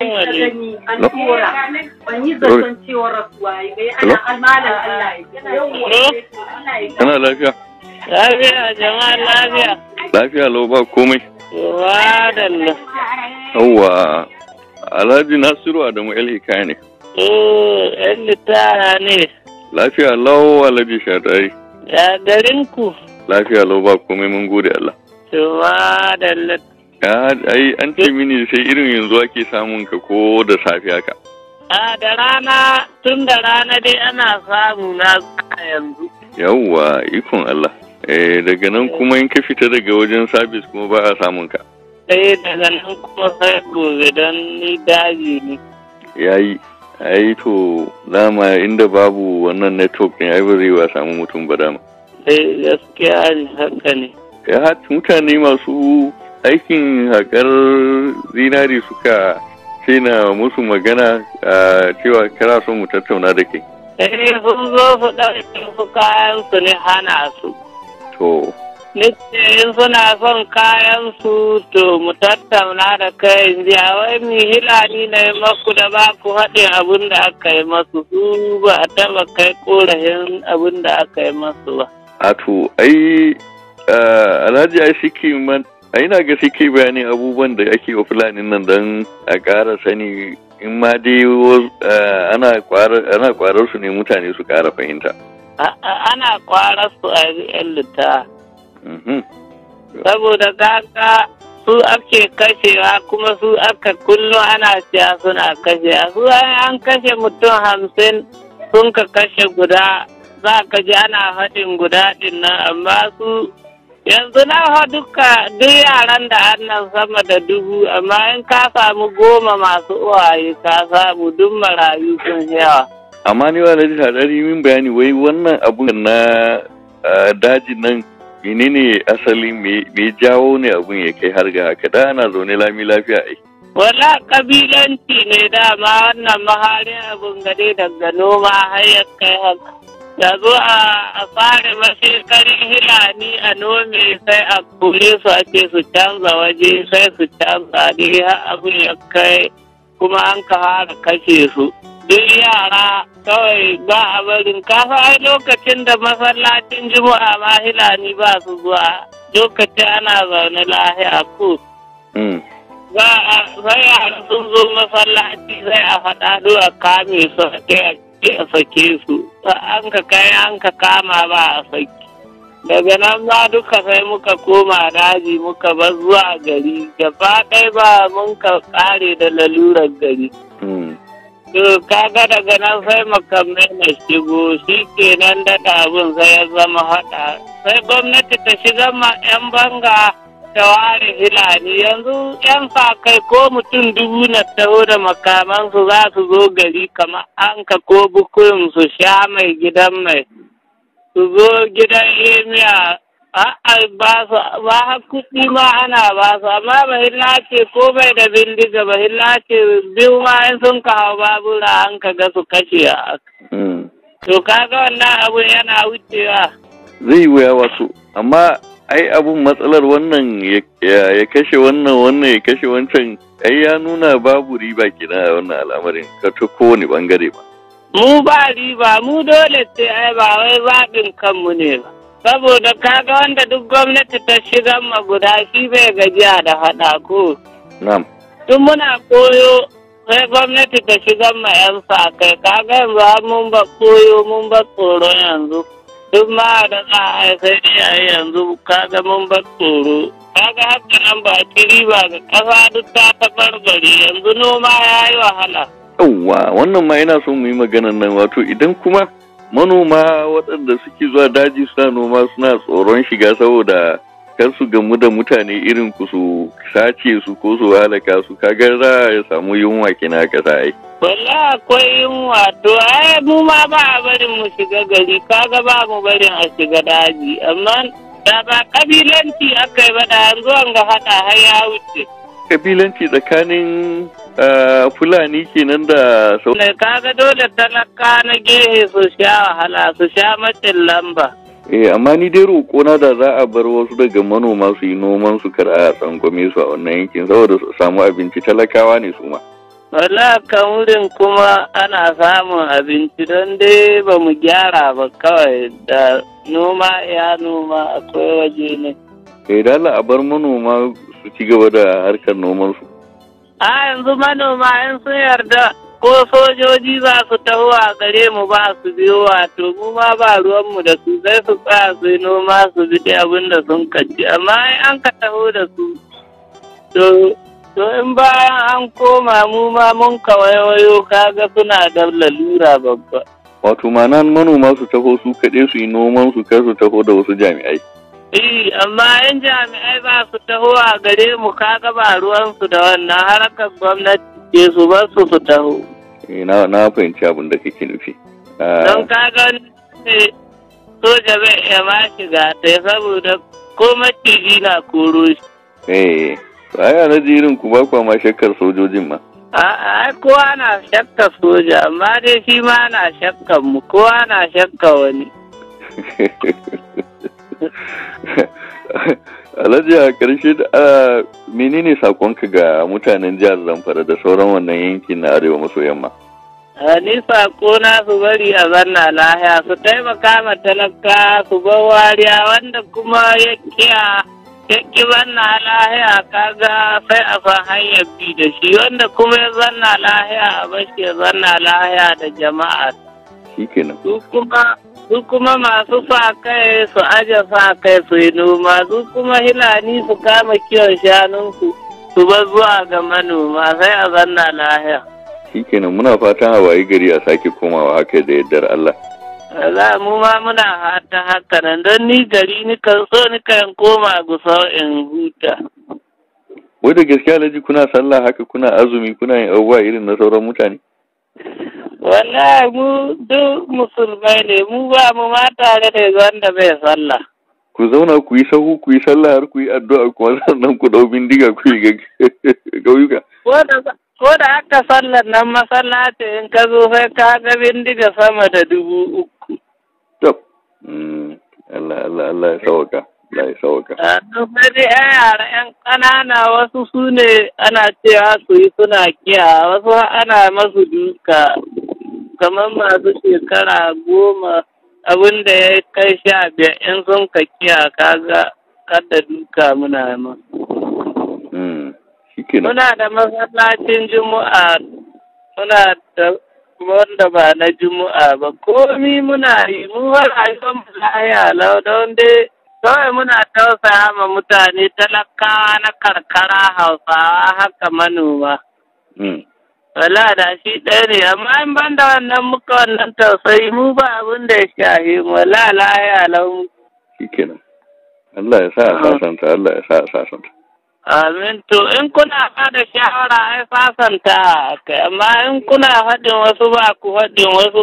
an tura ban yi zaton ana lafiya lafiya jama'a lafiya lafiya lau ba komai wa dalla Yawwa. alhaji nasiru adamu el hikaya ne eh yan litara ne lafiya lau alhaji shadari ya garin ku lafiya lau ba komai mun gode Allah wa dalla ai an ce mini sai irin yanzu ake samun ka ko da safe haka a da rana tun da rana dai ana samu na yanzu yawwa ikon Allah eh daga nan kuma in ka fita daga wajen sabis kuma ba a samun ka eh daga nan kuma sai gobe don ni daji ne yayi ai to dama inda babu wannan network ne, ai ba zai wa samu mutum ba dama eh gaskiya haka ne ya mutane masu aikin haƙar zinari suka na musu magana a cewa kira son mu tattauna da ke. Eh sun zo su ɗauki su kayan su ne hana su. To. Ni ce suna son kayan su to mu tattauna da kai in ji wai mi hilani na yi maku da ba ku haɗin abin da aka yi masu su ba a taɓa kai ƙorafin abin da aka yi masu ba. to ai Alhaji Aishiki a ina ga sai kai bayanin abubuwan da ake wa fulani nan don a ƙara sani in ma dai ana kwarar su ne mutane su ƙara fahimta ana kwarar su a yan litta mm-hmm. saboda kaka su ake kashewa kuma su aka kullum ana siya suna kashewa su an kashe mutum hamsin sun ka kashe guda za ka ji ana haɗin guda ɗin nan amma su yanzu na ha duka duk yaran da annan sama da dubu amma in ka samu goma masu uwaye ka samu duk marayu sun yawa amma ni wa lalita ɗari min bayani wai wannan abu na daji nan menene asali me jawo ne abun ya kai har ga haka da ana zaune lami lafiya ai wala kabilanci ne dama wannan mahalin abun gade daga noma har ya kai haka ya zo a fara mashekarin hilani a nome sai a kore su ake su canza waje sai su canza ne har abin ya kai kuma an ka fara kashe su duk yara kawai ba a barin kasa ai lokacin da masallacin juma'a ma hilani ba su zuwa lokacin ana zaune lahiya ko za hmm. a sai sun zo masallaci sai a faɗa a kame su a sai a sake su an ka kai an ka kama ba a sake daga nan ma duka sai muka koma daji muka bar zuwa gari gaba ɗaya ba mun ka kare da lalurar gari hmm. to kaga daga nan sai makamai na shigo shi kenan daɗa abin sai ya zama haɗa sai gwamnati ta shiga ma 'yan banga tawarin hilani yanzu yan sa kai ko mutum dubu na taho da makamansu za su zo gari kamar an ka ko bukurin su sha mai gidan mai su zo gidan emiya ba su kuɗi ma ana ba su amma bahilla ce ko bai da bindiga bahilla ce biyu ma in sun kawo babura an ka ga su kashe a hmm. to kaga wannan abun yana wucewa zai wuya wasu amma ai abun matsalar wannan ya kashe wannan wannan ya kashe wancan ai ya nuna babu riba kenan a wannan al'amarin ka ta kowane bangare ba. Mu ba riba mu dole sai ai ba wai zaɓin kanmu ne ba. Saboda kaga wanda duk gwamnati ta shiga ma guda shi bai gajiya da haɗa ko. Na'am. Tun muna koyo sai gwamnati ta shiga ma 'yan sa kai kaga yanzu mun ba koyo mun ba tsoro yanzu. duk ma da tsaha sai a yanzu kaga mun bar tsoro kaga haka nan ba ba ga ƙasa duk ta tabarbare yanzu noma ya yi wahala. yawwa wannan ma yana son mu yi maganan nan wato idan kuma manoma waɗanda suke zuwa daji suna noma suna tsoron shiga saboda kar su gamu da mutane irin ku su sace su ko su halaka su kaga za a samu yunwa kina ka za Wala akwai yunwa to ai mu ma ba a barin mu shiga gari kaga ba mu barin a shiga daji amma da ba kabilanci aka yi ba da yanzu an ga haɗa har ya wuce. Kabilanci tsakanin eh, Fulani kenan da sau. Kaga dole talaka na gehe su sha wahala su sha macin lamba. Eh amma ni dai roƙona da za a bar wasu daga manoma su yi noman su kar a tsangwame su a wannan yankin saboda su samu abinci talakawa ne su ma. Wala kan wurin kuma ana samun abinci don dai ba mu gyara ba kawai da noma ya noma akwai waje ne. Kai dala a bar manoma su ci gaba da harkar nomansu. A yanzu manoma yan sun yarda ko sojoji za su taho a gare mu ba su biyo wato mu ma ba ruwanmu da su sai su tsaya su yi noma su bi abin da sun kaji, amma an ka taho da su. To in bayan an koma mu ma mun kawayo kaga suna da lalura babba. Wato mana manoma su taho su kaɗe su yi noman su kai su taho da wasu jami'ai. Eh, amma yan jami'ai ba su taho a gare mu kaga ba ruwansu da wannan harkar gwamnati ke su ba su su taho. Eh, na fahimci abin da kake nufi. Ah, Don kaga wani soja bai ya ma shiga sai saboda ko maciji na koro shi. Eh. Aya na jirin ku ba kwa ma shakkar sojojin ma. A'a kowa na shakka soja amma dai shi ma na shakkan mu kowa na shakka wani. Alhaji a ƙarshe da menene sakonka ga mutanen jihar Zamfara da sauran wannan yankin na arewa maso yamma? ni na su bari a zanna lahiya su taimaka ma talaka su bar wariya wanda kuma ya kiya yake zanna lahiya kaga sai a san hanyar bi da shi wanda kuma ya zanna lahiya a bashi ya zanna lahiya da jama'a su kuma masu sa kai su aje sa kai su yi noma su kuma hilani su kama kiwon shanunsu su bar zuwa ga manoma sai a zanna lahiya shikenan muna fatan a wayi gari a sake komawa haka da yaddar Allah za mu ma muna hata haka nan don ni gari ni kan so ni kan koma gusau in huta. Wai da gaskiya alhaji kuna sallah haka kuna azumi kuna yin abubuwa irin na sauran mutane? Wallahi mu duk musulmai ne mu ba mu ma tare da wanda bai sallah. ku zauna ku yi sahu ku yi sallah har ku yi addu'a kuma sannan ku dau bindiga ku yi gauyuka. Ko da aka sallar nan masallaci in ka zo sai ka ga bindiga sama da dubu uku. to Allah mm, Allah Allah ya sauka Allah ah, ya sauka akwai dai yan yara yan ƙanana wasu sune eh, ana cewa suyi suna kiya wasu ah, ana masu duka kamar masu shekara goma abunda da ya kai sha biyar in sun ka kiya kaga kada duka muna ma muna da masallacin juma'a muna da kuma wanda ba na juma'a ba komi muna yi mu rayuwar mu lahiya lau don dai kawai muna tausaya ma mutane talakawa na karkara hausawa haka manoma. Hmm. Wala da shi ɗaya ne, amma in ban da wannan muka wannan tausayi mu ba abin da ya shahi mu wala laya lau. Shi kenan. Allah ya sa a sasanta, Allah ya sa a sasanta. Aminto in kuna bada shawara ai eh, sasanta kai amma in kuna haɗin wasu ba ku haɗin wasu